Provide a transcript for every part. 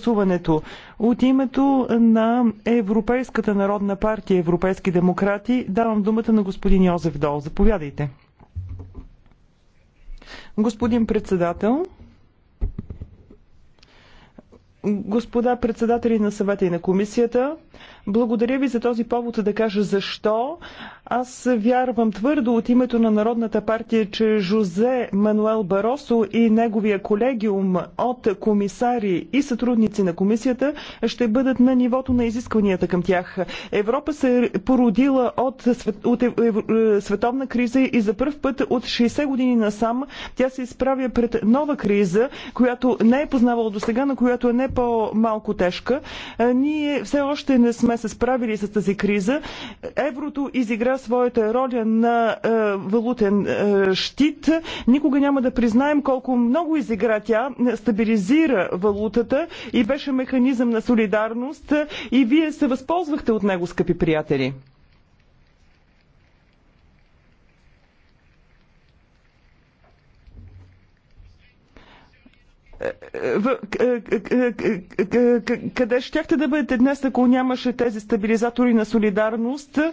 гласуването. От името на Европейската народна партия Европейски демократи давам думата на господин Йозеф Дол. Заповядайте. Господин председател, господа председатели на съвета и на комисията, благодаря ви за този повод да кажа защо. Аз вярвам твърдо от името на Народната партия, че Жозе Мануел Баросо и неговия колегиум от комисари и сътрудници на комисията ще бъдат на нивото на изискванията към тях. Европа се породила от, от световна криза и за първ път от 60 години насам тя се изправя пред нова криза, която не е познавала до сега, на която е не по-малко тежка. Ние все още не сме сме се справили с тази криза. Еврото изигра своята роля на е, валутен е, щит. Никога няма да признаем колко много изигра тя, стабилизира валутата и беше механизъм на солидарност е, и вие се възползвахте от него, скъпи приятели. къде щяхте да бъдете днес, ако нямаше тези стабилизатори на солидарност, е,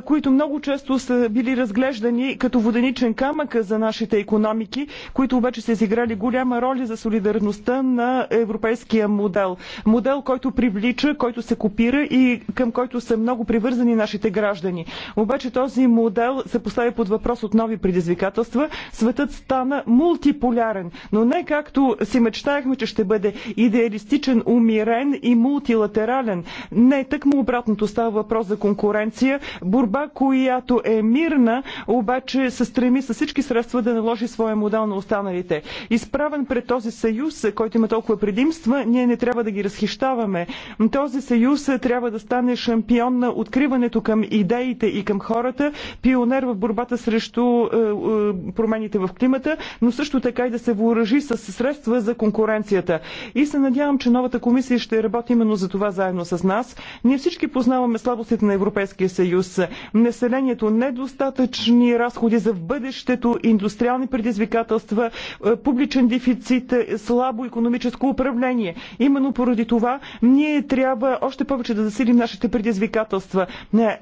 които много често са били разглеждани като воденичен камък за нашите економики, които обаче са изиграли голяма роля за солидарността на европейския модел. Модел, който привлича, който се копира и към който са много привързани нашите граждани. Обаче този модел се поставя под въпрос от нови предизвикателства. Светът стана мултиполярен, но не както си си мечтаехме, че ще бъде идеалистичен, умирен и мултилатерален. Не, му обратното става въпрос за конкуренция. Борба, която е мирна, обаче се стреми с всички средства да наложи своя модел на останалите. Изправен пред този съюз, който има толкова предимства, ние не трябва да ги разхищаваме. Този съюз трябва да стане шампион на откриването към идеите и към хората, пионер в борбата срещу е, е, промените в климата, но също така и да се въоръжи с средства за конкуренцията. И се надявам, че новата комисия ще работи именно за това заедно с нас. Ние всички познаваме слабостите на Европейския съюз. Населението, недостатъчни разходи за в бъдещето, индустриални предизвикателства, е, публичен дефицит, е, слабо економическо управление. Именно поради това ние трябва още повече да засилим нашите предизвикателства.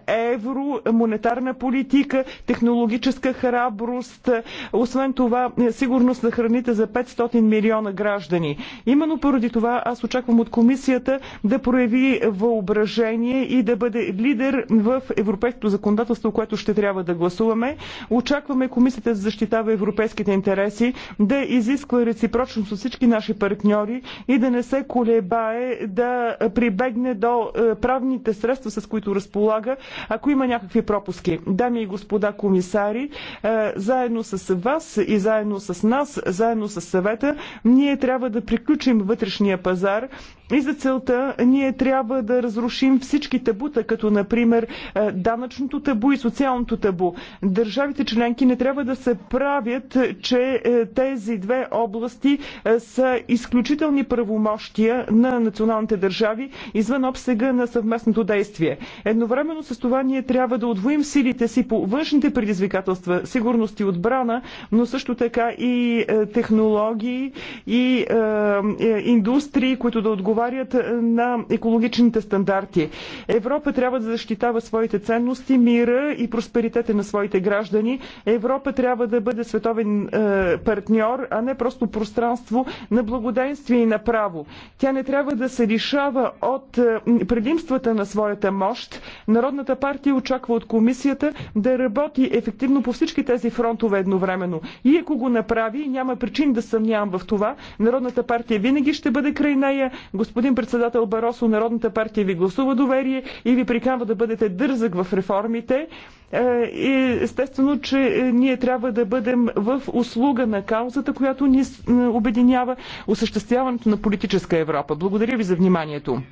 Евро, монетарна политика, технологическа храброст. Е, освен това, сигурност на храните за 500 милиона граждани. Именно поради това аз очаквам от комисията да прояви въображение и да бъде лидер в европейското законодателство, което ще трябва да гласуваме. Очакваме комисията да защитава европейските интереси, да изисква реципрочност от всички наши партньори и да не се колебае да прибегне до е, правните средства, с които разполага, ако има някакви пропуски. Дами и господа комисари, е, заедно с вас и заедно с нас, заедно с съвета, ние ние трябва да приключим вътрешния пазар и за целта ние трябва да разрушим всички табута, като например е, данъчното табу и социалното табу. Държавите членки не трябва да се правят, че е, тези две области е, са изключителни правомощия на националните държави извън обсега на съвместното действие. Едновременно с това ние трябва да отвоим силите си по външните предизвикателства, сигурност и отбрана, но също така и технологии и е, е, индустрии, които да отговарят е, на екологичните стандарти. Европа трябва да защитава своите ценности, мира и просперитета на своите граждани. Европа трябва да бъде световен е, партньор, а не просто пространство на благоденствие и на право. Тя не трябва да се лишава от предимствата на своята мощ. Народната партия очаква от комисията да работи ефективно по всички тези фронтове едновременно. И ако го направи, няма причин да съмнявам в това, Народната партия винаги ще бъде край нея. Господин председател Баросо, Народната партия ви гласува доверие и ви приканва да бъдете дързък в реформите. Е, и естествено, че е, ние трябва да бъдем в услуга на каузата, която ни е, обединява осъществяването на политическа Европа. Благодаря ви за вниманието.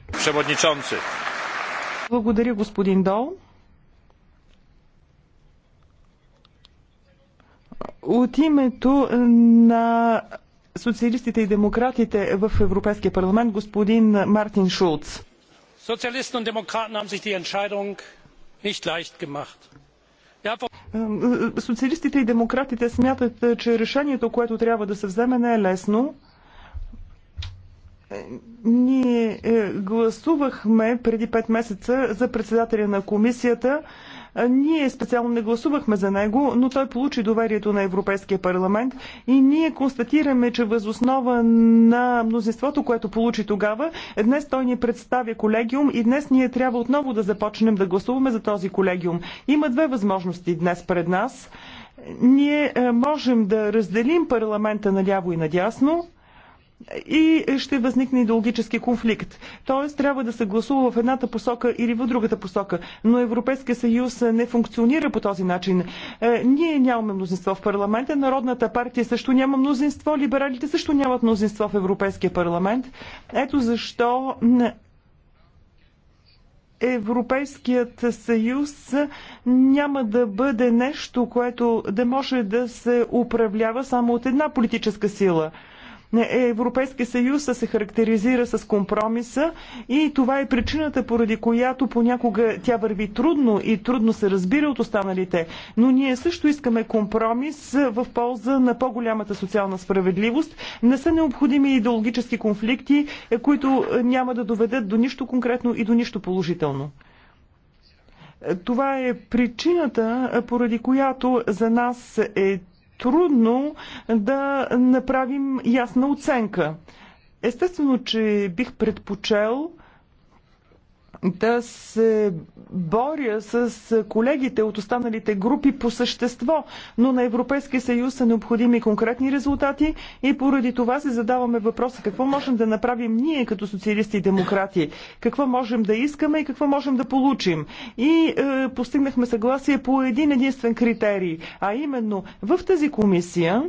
Благодаря, господин Дол. От името на социалистите и демократите в Европейския парламент господин Мартин Шулц. Социалистите и демократите смятат, е, че решението, което трябва да се вземе, не е лесно. Е, ние е, гласувахме преди 5 месеца за председателя на комисията, ние специално не гласувахме за него, но той получи доверието на Европейския парламент и ние констатираме, че възоснова на мнозинството, което получи тогава, днес той ни представя колегиум и днес ние трябва отново да започнем да гласуваме за този колегиум. Има две възможности днес пред нас. Ние е, можем да разделим парламента наляво и надясно, и ще възникне идеологически конфликт. Тоест трябва да се гласува в едната посока или в другата посока. Но Европейския съюз не функционира по този начин. Е, ние нямаме мнозинство в парламента, Народната партия също няма мнозинство, либералите също нямат мнозинство в Европейския парламент. Ето защо Европейският съюз няма да бъде нещо, което да може да се управлява само от една политическа сила – е, Европейския съюз се характеризира с компромиса и това е причината, поради която понякога тя върви трудно и трудно се разбира от останалите. Но ние също искаме компромис е, в полза на по-голямата социална справедливост. Не са необходими идеологически конфликти, е, които няма да доведат до нищо конкретно и до нищо положително. Това е причината, поради която за нас е трудно да направим ясна оценка. Естествено, че бих предпочел да се боря с колегите от останалите групи по същество, но на Европейския съюз са необходими конкретни резултати и поради това се задаваме въпроса какво можем да направим ние като социалисти и демократи, какво можем да искаме и какво можем да получим. И е, постигнахме съгласие по един единствен критерий, а именно в тази комисия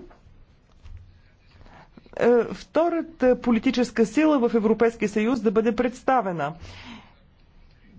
е, втората политическа сила в Европейския съюз да бъде представена.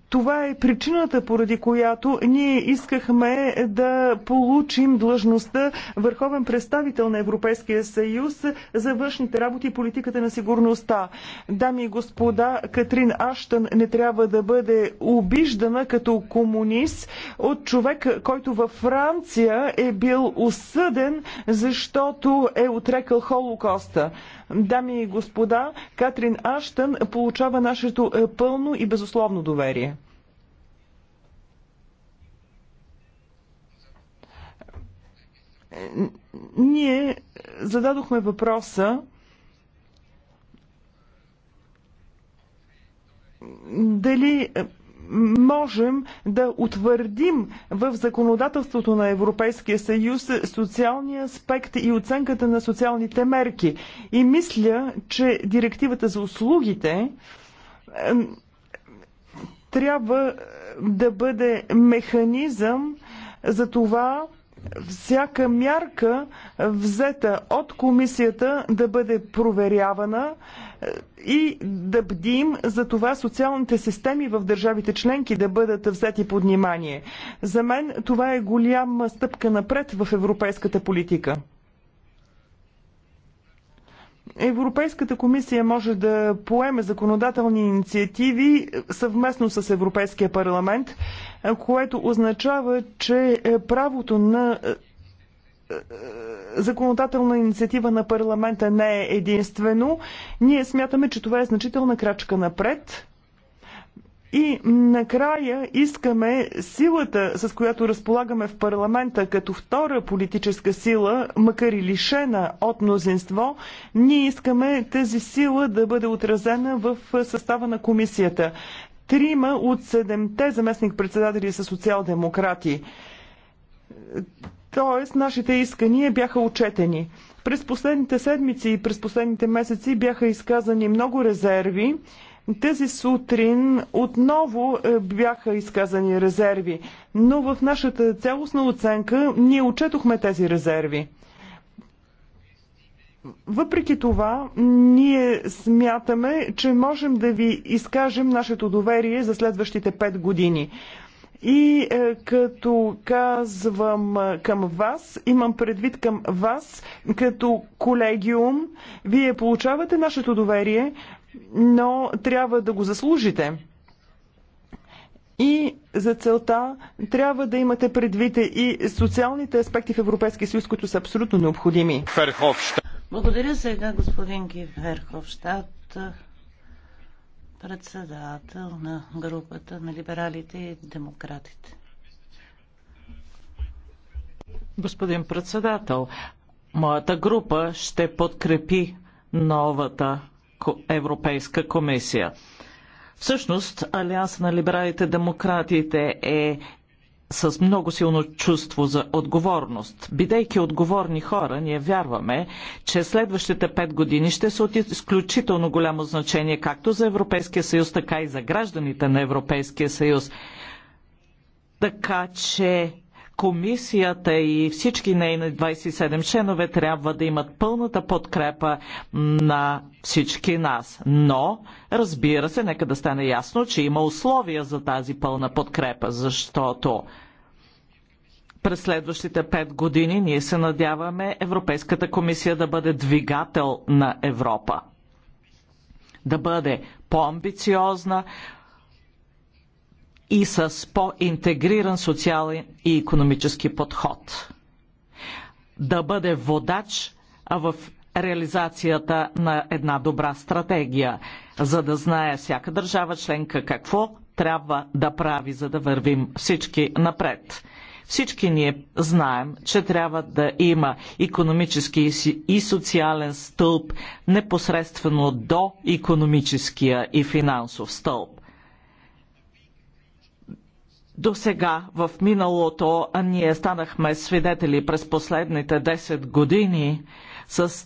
Това е причината, поради която ние искахме да получим длъжността върховен представител на Европейския съюз за външните работи и политиката на сигурността. Дами и господа, Катрин Аштън не трябва да бъде обиждана като комунист от човек, който във Франция е бил осъден, защото е отрекал Холокоста. Дами и господа, Катрин Аштън получава нашето е, пълно и безусловно доверие. Ние зададохме въпроса дали е, можем да утвърдим в законодателството на Европейския съюз социалния аспект и оценката на социалните мерки. И мисля, че директивата за услугите трябва да бъде механизъм за това всяка мярка взета от комисията да бъде проверявана е, и да бдим за това социалните системи в държавите членки да бъдат взети под внимание. За мен това е голяма стъпка напред в европейската политика. Европейската комисия може да поеме законодателни инициативи съвместно с Европейския парламент, което означава, че е, правото на е, е, законодателна инициатива на парламента не е единствено. Ние смятаме, че това е значителна крачка напред. И накрая искаме силата, с която разполагаме в парламента като втора политическа сила, макар и лишена от мнозинство, ние искаме тази сила да бъде отразена в състава на комисията. Трима от седемте заместник-председатели са социал-демократи. Тоест, нашите искания бяха отчетени. През последните седмици и през последните месеци бяха изказани много резерви. Тази сутрин отново е, бяха изказани резерви, но в нашата цялостна оценка ние отчетохме тези резерви. Въпреки това, ние смятаме, че можем да ви изкажем нашето доверие за следващите 5 години. И е, като казвам е, към вас, имам предвид към вас, като колегиум, вие получавате нашето доверие, но трябва да го заслужите. И за целта трябва да имате предвид и социалните аспекти в Европейския съюз, които са абсолютно необходими. Благодаря сега господин Киверховщад, председател на групата на либералите и демократите. Господин председател, моята група ще подкрепи новата Европейска комисия. Всъщност, Алианс на либералите демократите е с много силно чувство за отговорност. Бидейки отговорни хора, ние вярваме, че следващите пет години ще са от изключително голямо значение както за Европейския съюз, така и за гражданите на Европейския съюз. Така че комисията и всички нейни 27 членове трябва да имат пълната подкрепа на всички нас. Но, разбира се, нека да стане ясно, че има условия за тази пълна подкрепа, защото през следващите пет години ние се надяваме Европейската комисия да бъде двигател на Европа. Да бъде по-амбициозна, и с по-интегриран социален и економически подход. Да бъде водач в реализацията на една добра стратегия, за да знае всяка държава членка какво трябва да прави, за да вървим всички напред. Всички ние знаем, че трябва да има економически и социален стълб непосредствено до економическия и финансов стълб. До сега, в миналото, ние станахме свидетели през последните 10 години с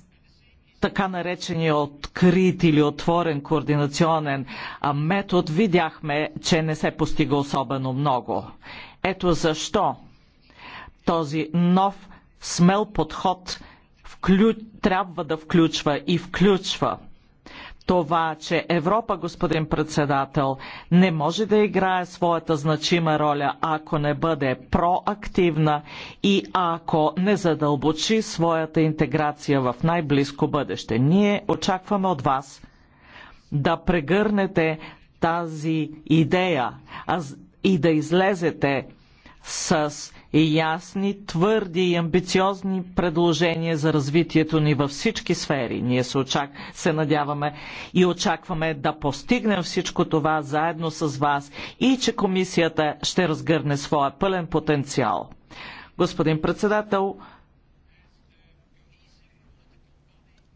така наречения открит или отворен координационен метод, видяхме, че не се постига особено много. Ето защо този нов смел подход вклю... трябва да включва и включва това, че Европа, господин председател, не може да играе своята значима роля, ако не бъде проактивна и ако не задълбочи своята интеграция в най-близко бъдеще. Ние очакваме от вас да прегърнете тази идея и да излезете с ясни, твърди и амбициозни предложения за развитието ни във всички сфери. Ние се, очак... се надяваме и очакваме да постигнем всичко това заедно с вас и че комисията ще разгърне своя пълен потенциал. Господин председател,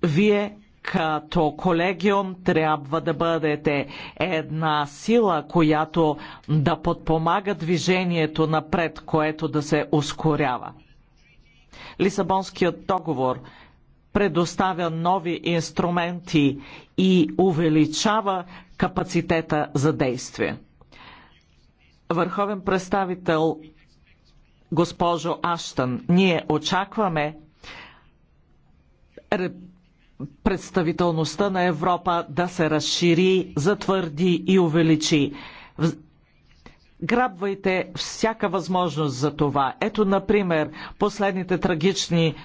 вие като колегиум трябва да бъдете една сила, която да подпомага движението напред, което да се ускорява. Лисабонският договор предоставя нови инструменти и увеличава капацитета за действие. Върховен представител госпожо Аштън, ние очакваме представителността на Европа да се разшири, затвърди и увеличи. Грабвайте всяка възможност за това. Ето, например, последните трагични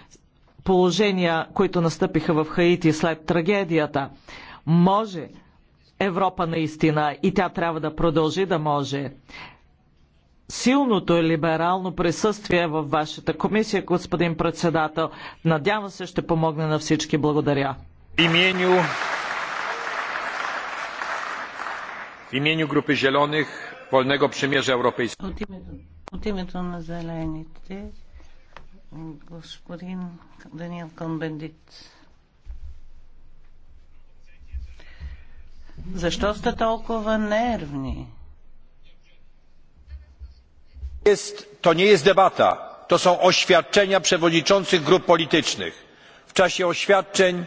положения, които настъпиха в Хаити след трагедията. Може Европа наистина и тя трябва да продължи да може силното либерално присъствие във вашата комисия, господин председател. Надявам се, ще помогне на всички. Благодаря. Именю... W imieniu Grupy Zielonych Wolnego Przymierza Europejskiego. От името на зелените, господин Даниел Конбендит. Защо сте толкова нервни? To nie jest debata, to są oświadczenia przewodniczących grup politycznych. W czasie oświadczeń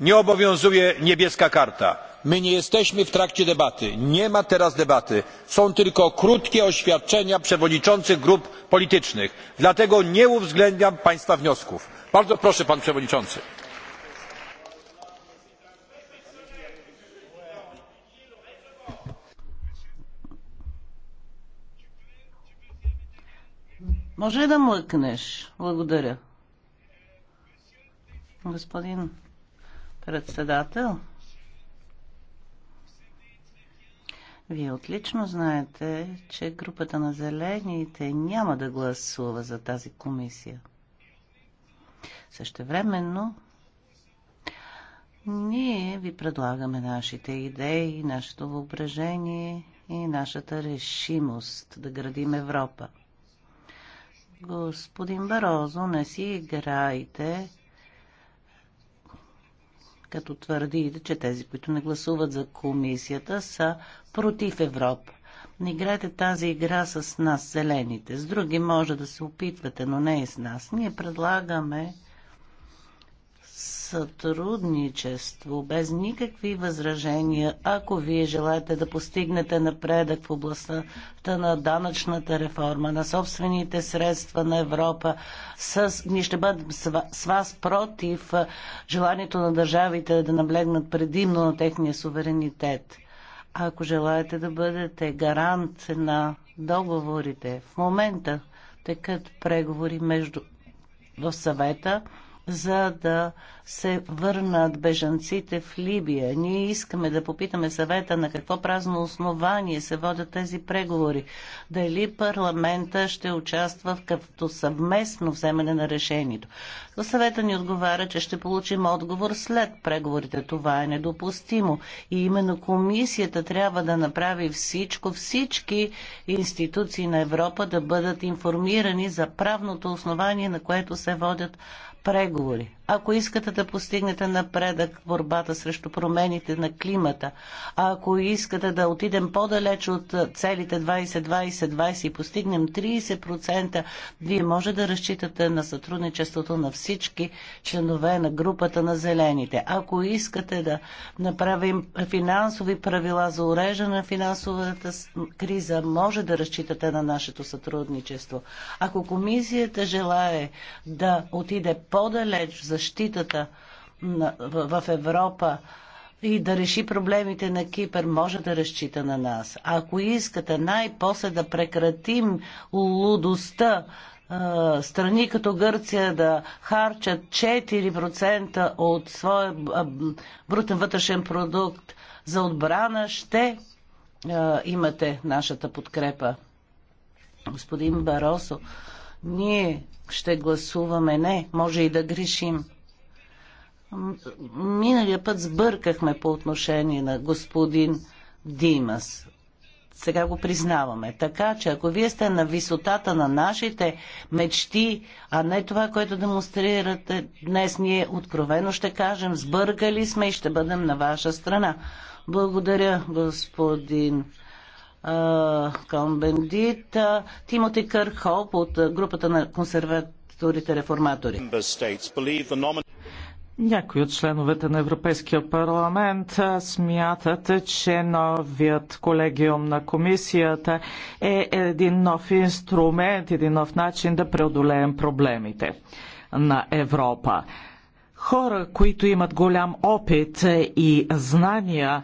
nie obowiązuje niebieska karta. My nie jesteśmy w trakcie debaty. Nie ma teraz debaty. Są tylko krótkie oświadczenia przewodniczących grup politycznych. Dlatego nie uwzględniam państwa wniosków. Bardzo proszę, pan przewodniczący. Може ли да млъкнеш? Благодаря. Господин председател, Вие отлично знаете, че групата на зелените няма да гласува за тази комисия. Същевременно, ние ви предлагаме нашите идеи, нашето въображение и нашата решимост да градим Европа. Господин Барозо, не си играйте, като твърдите, че тези, които не гласуват за комисията, са против Европа. Не играйте тази игра с нас, зелените. С други може да се опитвате, но не и с нас. Ние предлагаме сътрудничество, без никакви възражения, ако вие желаете да постигнете напредък в областта на данъчната реформа, на собствените средства на Европа. С... Ние ще бъдем с вас против желанието на държавите да наблегнат предимно на техния суверенитет. А ако желаете да бъдете гарант на договорите, в момента текат преговори между в съвета за да се върнат бежанците в Либия. Ние искаме да попитаме съвета на какво празно основание се водят тези преговори. Дали парламента ще участва в като съвместно вземане на решението. Но съвета ни отговаря, че ще получим отговор след преговорите. Това е недопустимо. И именно комисията трябва да направи всичко, всички институции на Европа да бъдат информирани за правното основание, на което се водят преговори ако искате да постигнете напредък в борбата срещу промените на климата, а ако искате да отидем по-далеч от целите 20-20-20 и постигнем 30%, вие може да разчитате на сътрудничеството на всички членове на групата на зелените. Ако искате да направим финансови правила за уреждане на финансовата криза, може да разчитате на нашето сътрудничество. Ако комисията желае да отиде по-далеч за защитата в Европа и да реши проблемите на Кипър, може да разчита на нас. Ако искате най-после да прекратим лудостта, страни като Гърция да харчат 4% от своя брутен вътрешен продукт за отбрана, ще имате нашата подкрепа. Господин Баросо, ние ще гласуваме не, може и да грешим. Миналия път сбъркахме по отношение на господин Димас. Сега го признаваме. Така че ако вие сте на висотата на нашите мечти, а не това, което демонстрирате днес, ние откровено ще кажем, сбъркали сме и ще бъдем на ваша страна. Благодаря, господин Бендит Тимоти Кърхоп от групата на консерваторите реформатори. Някои от членовете на Европейския парламент смятат, че новият колегиум на комисията е един нов инструмент, един нов начин да преодолеем проблемите на Европа хора, които имат голям опит и знания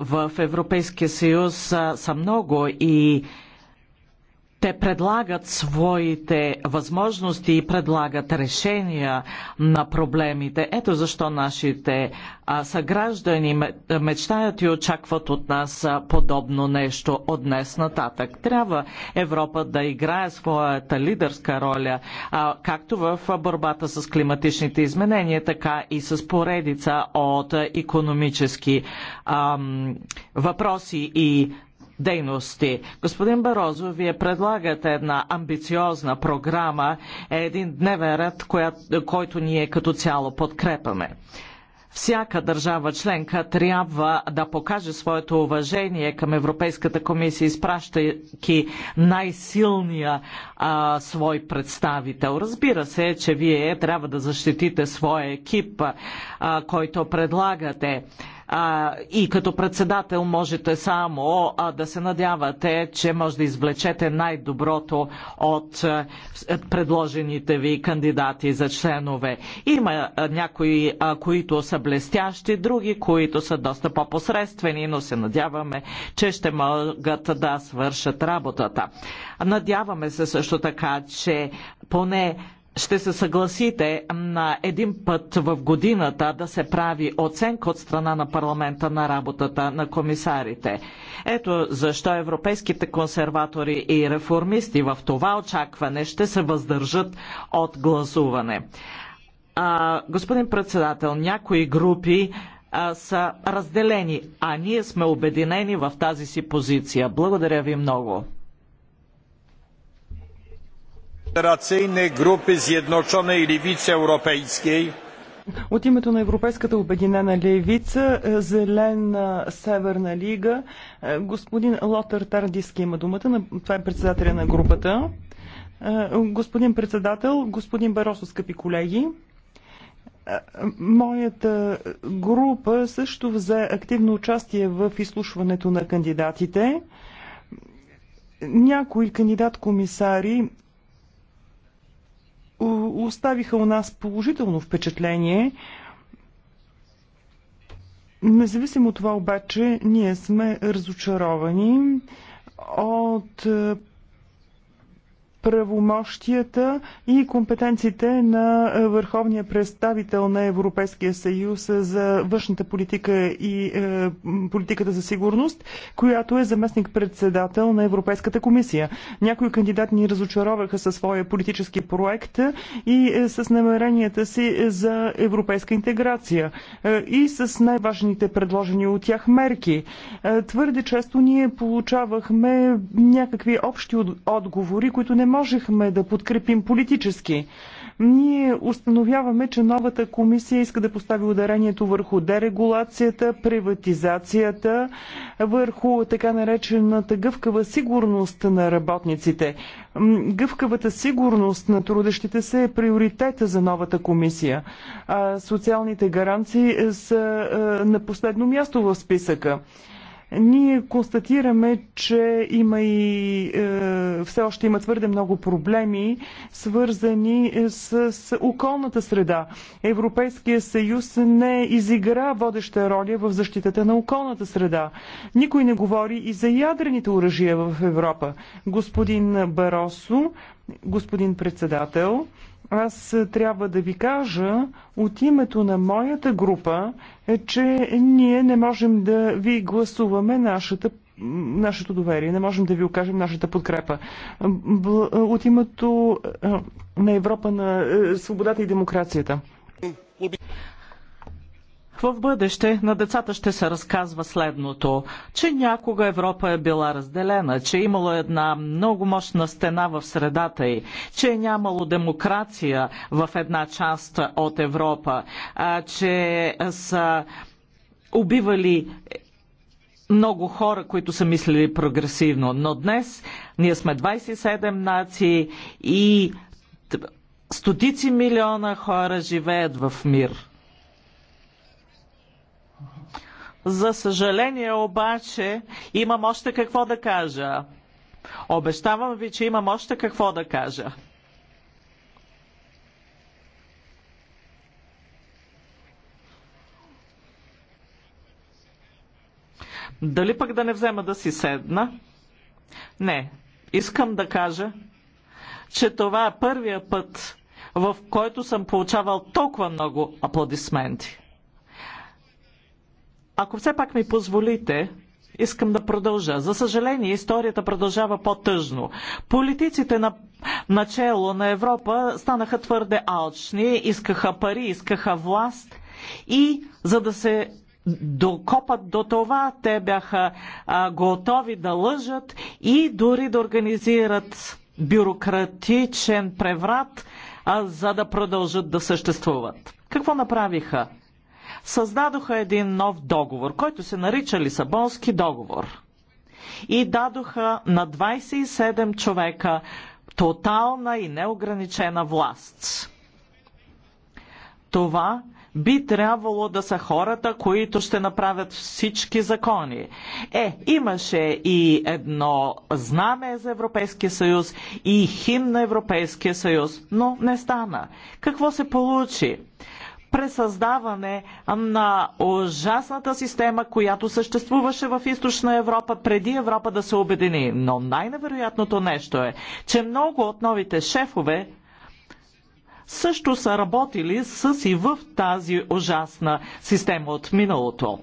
в Европейския съюз са много и те предлагат своите възможности и предлагат решения на проблемите. Ето защо нашите съграждани мечтаят и очакват от нас подобно нещо от днес нататък. Трябва Европа да играе своята лидерска роля, както в борбата с климатичните изменения, така и с поредица от економически въпроси и дейности. Господин Барозо, вие предлагате една амбициозна програма, един дневен ред, който ние като цяло подкрепаме. Всяка държава членка трябва да покаже своето уважение към Европейската комисия, изпращайки най-силния свой представител. Разбира се, че вие трябва да защитите своя екип, а, който предлагате а, и като председател можете само а, да се надявате, че може да извлечете най-доброто от а, предложените ви кандидати за членове. Има а, някои, а, които са блестящи, други, които са доста по-посредствени, но се надяваме, че ще могат да свършат работата. Надяваме се също така, че поне ще се съгласите на един път в годината да се прави оценка от страна на парламента на работата на комисарите. Ето защо европейските консерватори и реформисти в това очакване ще се въздържат от гласуване. А, господин председател, някои групи а, са разделени, а ние сме обединени в тази си позиция. Благодаря ви много. Федерационни групи Зjednoczonej Lewicy Europejskiej от името на Европейската обединена левица, е, Зелена Северна лига, е, господин Лотър Тардиски има думата. Това е председателя на групата. Е, господин председател, господин Баросо, скъпи колеги, моята група също взе активно участие в изслушването на кандидатите. Някои кандидат-комисари оставиха у нас положително впечатление. Независимо от това обаче, ние сме разочаровани от правомощията и компетенциите на върховния представител на Европейския съюз за външната политика и е, политиката за сигурност, която е заместник-председател на Европейската комисия. Някои кандидати ни разочароваха със своя политически проект и е, с намеренията си за европейска интеграция е, и с най-важните предложени от тях мерки. Твърде често ние получавахме някакви общи отговори, които не могат можехме да подкрепим политически. Ние установяваме, че новата комисия иска да постави ударението върху дерегулацията, приватизацията, върху така наречената гъвкава сигурност на работниците. Гъвкавата сигурност на трудещите се е приоритета за новата комисия. А социалните гаранции са е, на последно място в списъка. Ние констатираме, че има и е, все още има твърде много проблеми, свързани е, с, с околната среда. Европейския съюз не изигра водеща роля в защитата на околната среда. Никой не говори и за ядрените оръжия в Европа. Господин Баросо, господин председател, аз е, трябва да ви кажа от името на моята група, е, че ние не можем да ви гласуваме нашата нашето доверие, не можем да ви окажем нашата подкрепа. Е, от името е, на Европа на свободата и демокрацията в бъдеще на децата ще се разказва следното, че някога Европа е била разделена, че е имало една много мощна стена в средата й, че е нямало демокрация в една част от Европа, че са убивали много хора, които са мислили прогресивно. Но днес ние сме 27 нации и стотици милиона хора живеят в мир. За съжаление обаче имам още какво да кажа. Обещавам ви, че имам още какво да кажа. Дали пък да не взема да си седна? Не. Искам да кажа, че това е първия път, в който съм получавал толкова много аплодисменти. Ако все пак ми позволите, искам да продължа. За съжаление, историята продължава по-тъжно. Политиците на начало на Европа станаха твърде алчни, искаха пари, искаха власт и за да се докопат до това, те бяха а, готови да лъжат и дори да организират бюрократичен преврат, а, за да продължат да съществуват. Какво направиха? създадоха един нов договор, който се нарича Лисабонски договор. И дадоха на 27 човека тотална и неограничена власт. Това би трябвало да са хората, които ще направят всички закони. Е, имаше и едно знаме за Европейския съюз и хим на Европейския съюз, но не стана. Какво се получи? пресъздаване на ужасната система, която съществуваше в източна Европа преди Европа да се обедини. Но най-невероятното нещо е, че много от новите шефове също са работили с и в тази ужасна система от миналото.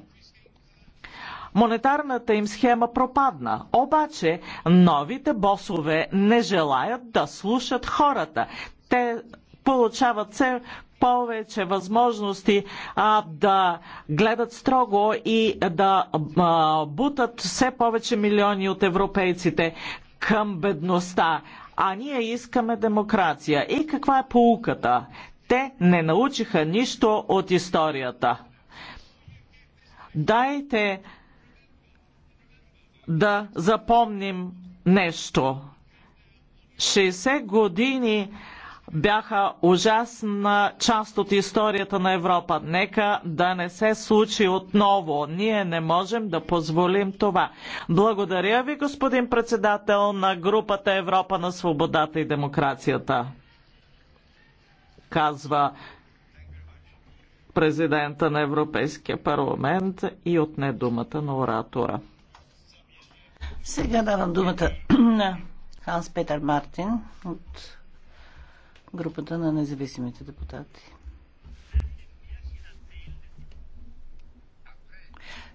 Монетарната им схема пропадна. Обаче новите босове не желаят да слушат хората. Те получават все повече възможности а, да гледат строго и да а, бутат все повече милиони от европейците към бедността. А ние искаме демокрация. И каква е полуката? Те не научиха нищо от историята. Дайте да запомним нещо. 60 години бяха ужасна част от историята на Европа. Нека да не се случи отново. Ние не можем да позволим това. Благодаря ви, господин председател на групата Европа на свободата и демокрацията. Казва президента на Европейския парламент и отне думата на оратора. Сега давам думата на Ханс Петър Мартин от групата на независимите депутати.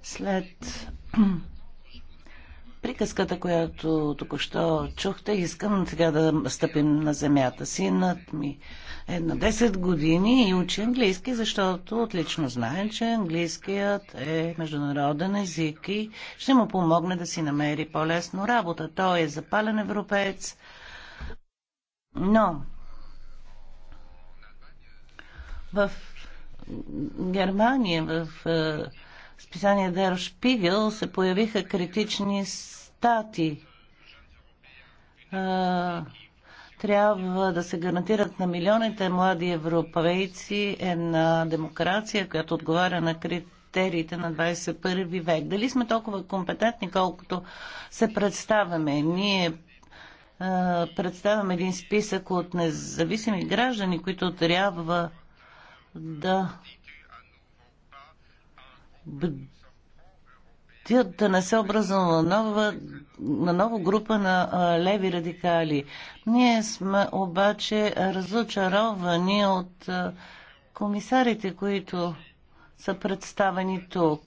След приказката, която току-що чухте, искам сега да стъпим на земята. Синът ми е на 10 години и учи английски, защото отлично знае, че английският е международен език и ще му помогне да си намери по-лесно работа. Той е запален европеец, но в Германия, в е, списание Дер Шпигел, се появиха критични стати. Е, трябва да се гарантират на милионите млади европейци една демокрация, която отговаря на критериите на 21 век. Дали сме толкова компетентни, колкото се представяме? Ние е, представяме един списък от независими граждани, които трябва да бдят да не се образува на нова, на нова група на а, леви радикали. Ние сме обаче разочаровани от а, комисарите, които са представени тук.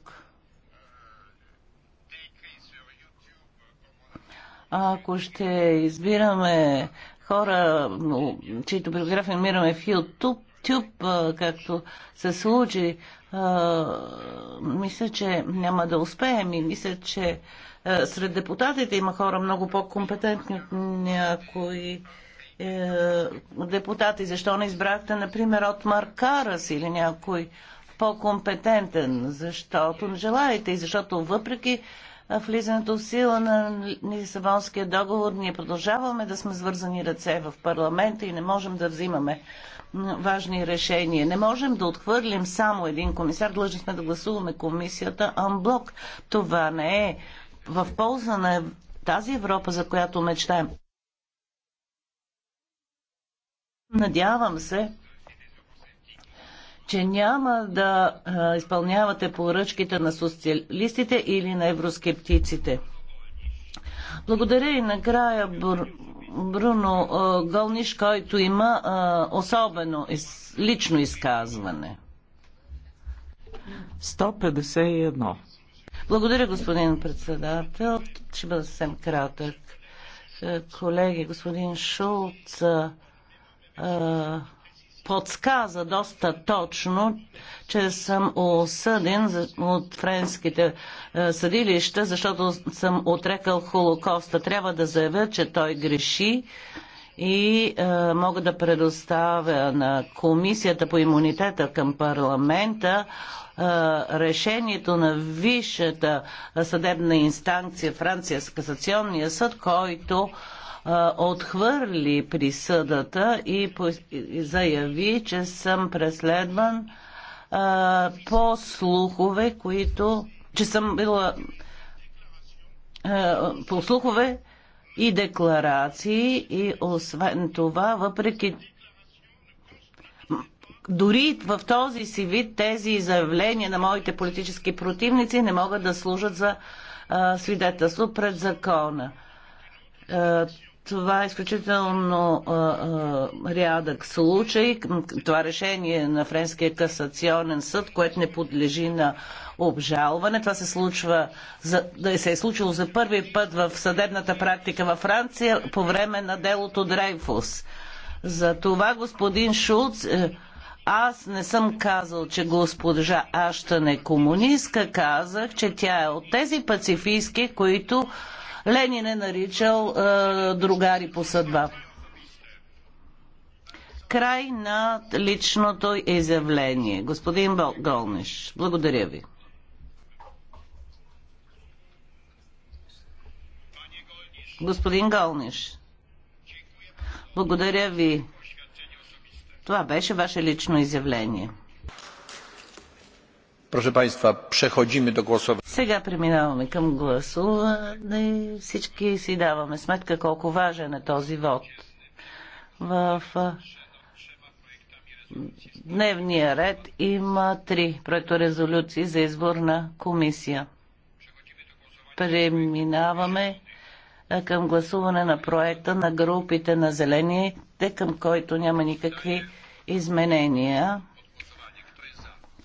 ако ще избираме хора, чието биография намираме в YouTube, тюб, както се случи. Мисля, че няма да успеем и мисля, че сред депутатите има хора много по-компетентни от някои е, депутати. Защо не избрахте, например, от Маркарас или някой по-компетентен? Защото не желаете и защото въпреки влизането в сила на Лисабонския договор, ние продължаваме да сме свързани ръце в парламента и не можем да взимаме важни решения. Не можем да отхвърлим само един комисар. Длъжни сме да гласуваме комисията Анблок. Това не е в полза на тази Европа, за която мечтаем. Надявам се, че няма да изпълнявате поръчките на социалистите или на евроскептиците. Благодаря и накрая Бруно Голниш, който има а, особено из, лично изказване. 151. Благодаря, господин председател. Ще бъда съвсем кратък. Колеги, господин Шулц, а, подсказа доста точно, че съм осъден от френските е, съдилища, защото съм отрекал Холокоста. Трябва да заявя, че той греши и е, мога да предоставя на Комисията по имунитета към парламента е, решението на висшата съдебна инстанция Франция с касационния съд, който е, отхвърли присъдата и заяви, че съм преследван по слухове, които. че съм била. по слухове и декларации, и освен това, въпреки дори в този си вид тези заявления на моите политически противници не могат да служат за а, свидетелство пред закона. А, това е изключително а, а, рядък случай. Това решение на Френския касационен съд, което не подлежи на обжалване. Това се случва, за, да се е случило за първи път в съдебната практика във Франция по време на делото Дрейфус. За това господин Шулц. Е, аз не съм казал, че госпожа Аштън е комунистка, казах, че тя е от тези пацифистки, които Ленин е наричал е, другари по съдба. Край на личното изявление. Господин Голниш, благодаря ви. Господин Голниш, благодаря ви. Това беше ваше лично изявление. Proszę Państwa, przechodzimy do głosowania. Сега преминаваме към гласуване. Всички си даваме сметка колко важен е този вод. В дневния ред има три проекторезолюции за избор на комисия. Преминаваме към гласуване на проекта на групите на зелените, към който няма никакви изменения.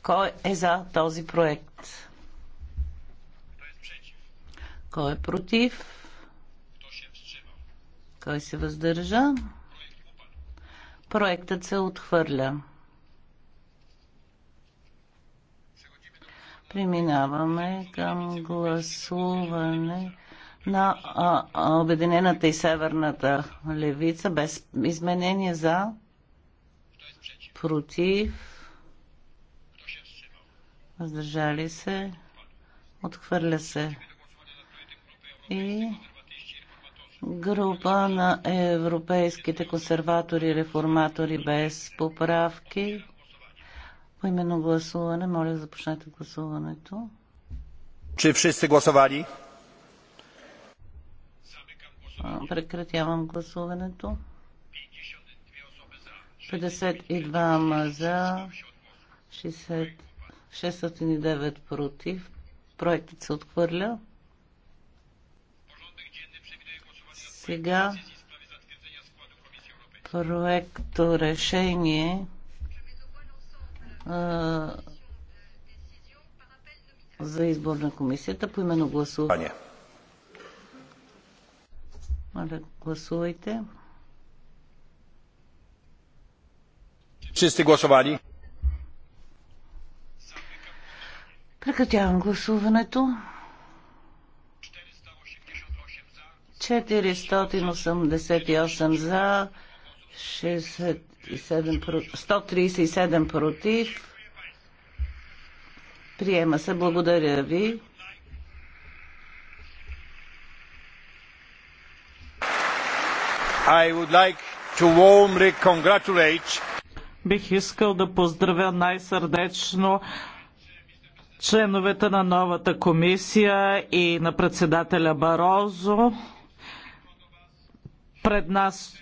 Кой е за този проект? Кой е против? Кой се въздържа? Проектът се отхвърля. Преминаваме към гласуване на Обединената и Северната левица без изменение за против въздържали се, отхвърля се. И група на европейските консерватори и реформатори без поправки. По именно гласуване, моля да започнете гласуването. Чи всички гласували? Прекратявам гласуването. 52 за, 60 609 против. Проектът се отхвърля. Сега проекто решение а, за избор на комисията по именно гласуване. Моля, гласувайте. Чисти głosowali? Прекратявам гласуването. 488 за, 137 против. Приема се. Благодаря ви. I would like to warmly congratulate. Бих искал да поздравя най-сърдечно членовете на новата комисия и на председателя Барозо. Пред нас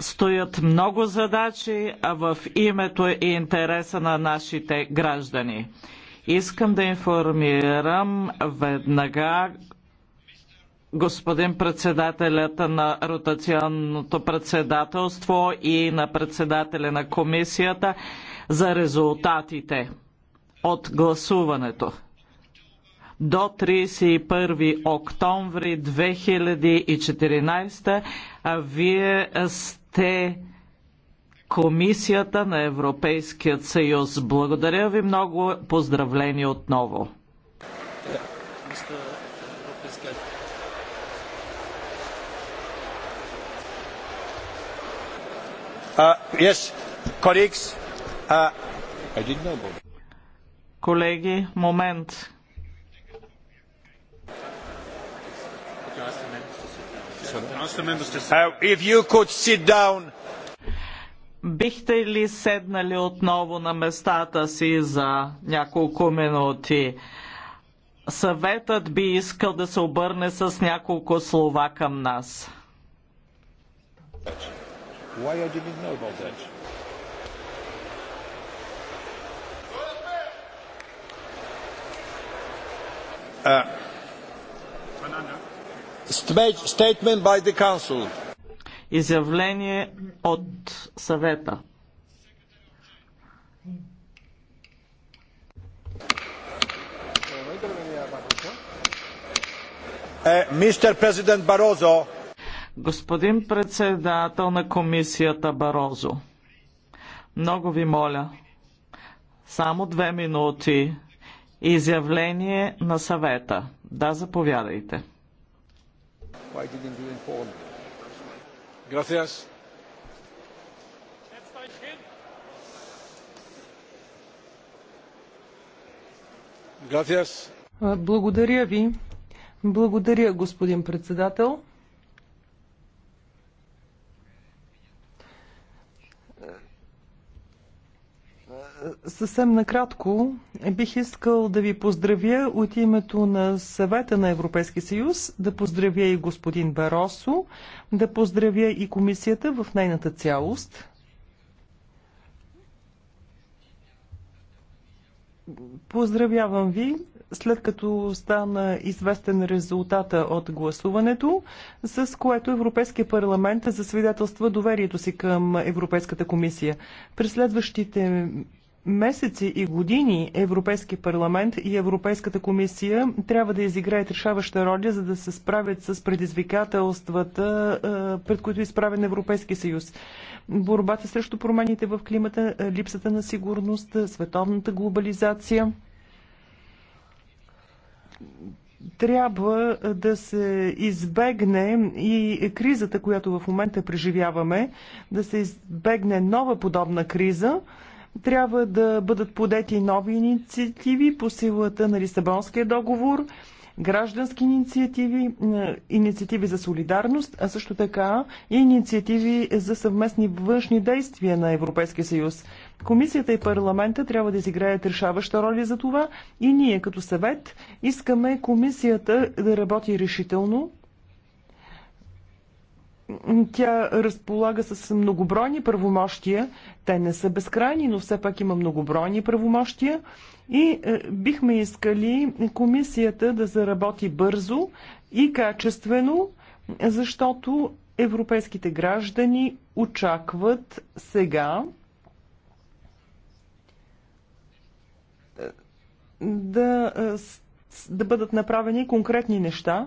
стоят много задачи а в името и интереса на нашите граждани. Искам да информирам веднага господин председателят на ротационното председателство и на председателя на комисията за резултатите от гласуването до 31 октомври 2014 а вие сте Комисията на Европейският съюз. Благодаря ви много. Поздравления отново. Uh, yes, colleagues. Uh, I didn't know. Колеги, момент. Uh, Бихте ли седнали отново на местата си за няколко минути? Съветът би искал да се обърне с няколко слова към нас. Why I didn't know about that? Uh, statement by the Council. Изявление от съвета. Мистер президент Барозо. Господин председател на комисията Барозо, много ви моля, само две минути изявление на съвета. Да, заповядайте. Благодаря ви. Благодаря, господин председател. Съвсем накратко бих искал да ви поздравя от името на съвета на Европейски съюз, да поздравя и господин Баросо, да поздравя и комисията в нейната цялост. Поздравявам ви, след като стана известен резултата от гласуването, с което Европейския парламент засвидетелства доверието си към Европейската комисия. През следващите месеци и години Европейски парламент и Европейската комисия трябва да изиграят решаваща роля, за да се справят с предизвикателствата, пред които е изправен Европейски съюз. Борбата срещу промените в климата, липсата на сигурност, световната глобализация трябва да се избегне и кризата, която в момента преживяваме, да се избегне нова подобна криза, трябва да бъдат подети нови инициативи по силата на Лисабонския договор, граждански инициативи, е, инициативи за солидарност, а също така и инициативи за съвместни външни действия на Европейския съюз. Комисията и парламента трябва да изиграят решаваща роля за това и ние като съвет искаме комисията да работи решително, тя разполага с многобройни правомощия. Те не са безкрайни, но все пак има многобройни правомощия. И е, бихме искали комисията да заработи бързо и качествено, защото европейските граждани очакват сега е, да, е, да бъдат направени конкретни неща,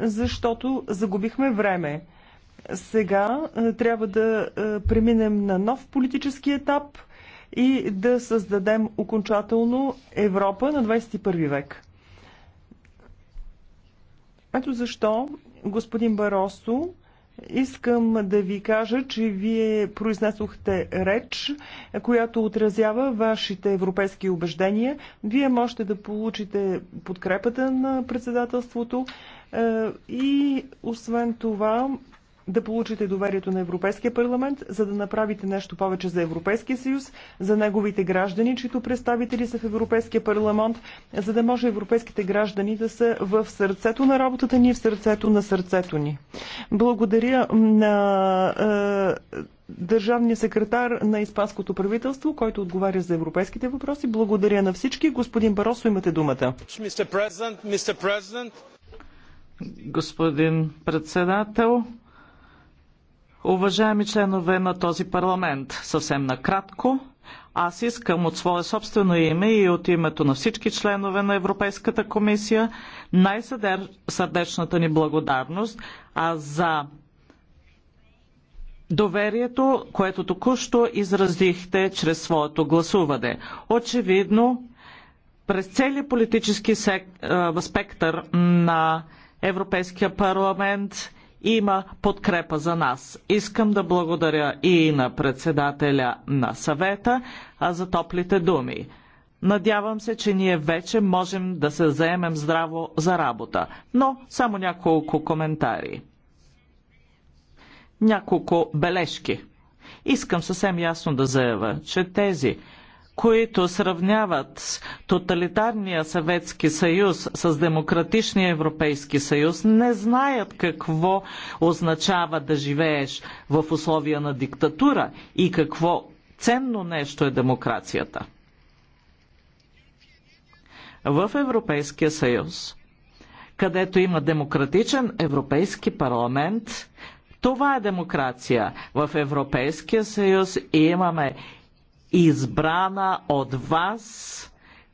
защото загубихме време. Сега е, трябва да е, преминем на нов политически етап и да създадем окончателно Европа на 21 век. Ето защо, господин Баросо, Искам да ви кажа, че вие произнесохте реч, която отразява вашите европейски убеждения. Вие можете да получите подкрепата на председателството е, и освен това да получите доверието на Европейския парламент, за да направите нещо повече за Европейския съюз, за неговите граждани, чието представители са в Европейския парламент, за да може европейските граждани да са в сърцето на работата ни, в сърцето на сърцето ни. Благодаря на е, държавния секретар на Испанското правителство, който отговаря за европейските въпроси. Благодаря на всички. Господин Баросо, имате думата. Господин председател, Уважаеми членове на този парламент, съвсем накратко, аз искам от свое собствено име и от името на всички членове на Европейската комисия най-сърдечната ни благодарност а за доверието, което току-що изразихте чрез своето гласуване. Очевидно, през целият политически сек... спектър на Европейския парламент има подкрепа за нас. Искам да благодаря и на председателя на съвета а за топлите думи. Надявам се, че ние вече можем да се заемем здраво за работа, но само няколко коментари. Няколко бележки. Искам съвсем ясно да заявя, че тези които сравняват тоталитарния Съветски съюз с демократичния Европейски съюз, не знаят какво означава да живееш в условия на диктатура и какво ценно нещо е демокрацията. В Европейския съюз, където има демократичен Европейски парламент, това е демокрация. В Европейския съюз имаме избрана от вас,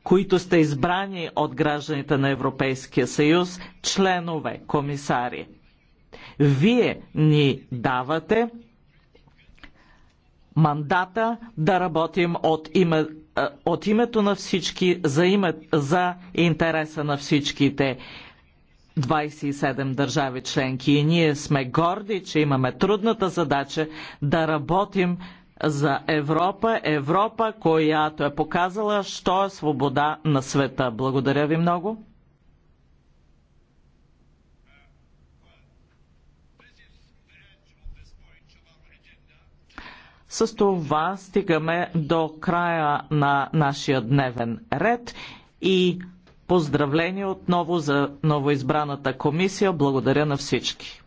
които сте избрани от гражданите на Европейския съюз, членове, комисари. Вие ни давате мандата да работим от, име, е, от името на всички, за, име, за интереса на всичките. 27 държави членки и ние сме горди, че имаме трудната задача да работим за Европа, Европа, която е показала, що е свобода на света. Благодаря ви много. С това стигаме до края на нашия дневен ред и поздравление отново за новоизбраната комисия. Благодаря на всички.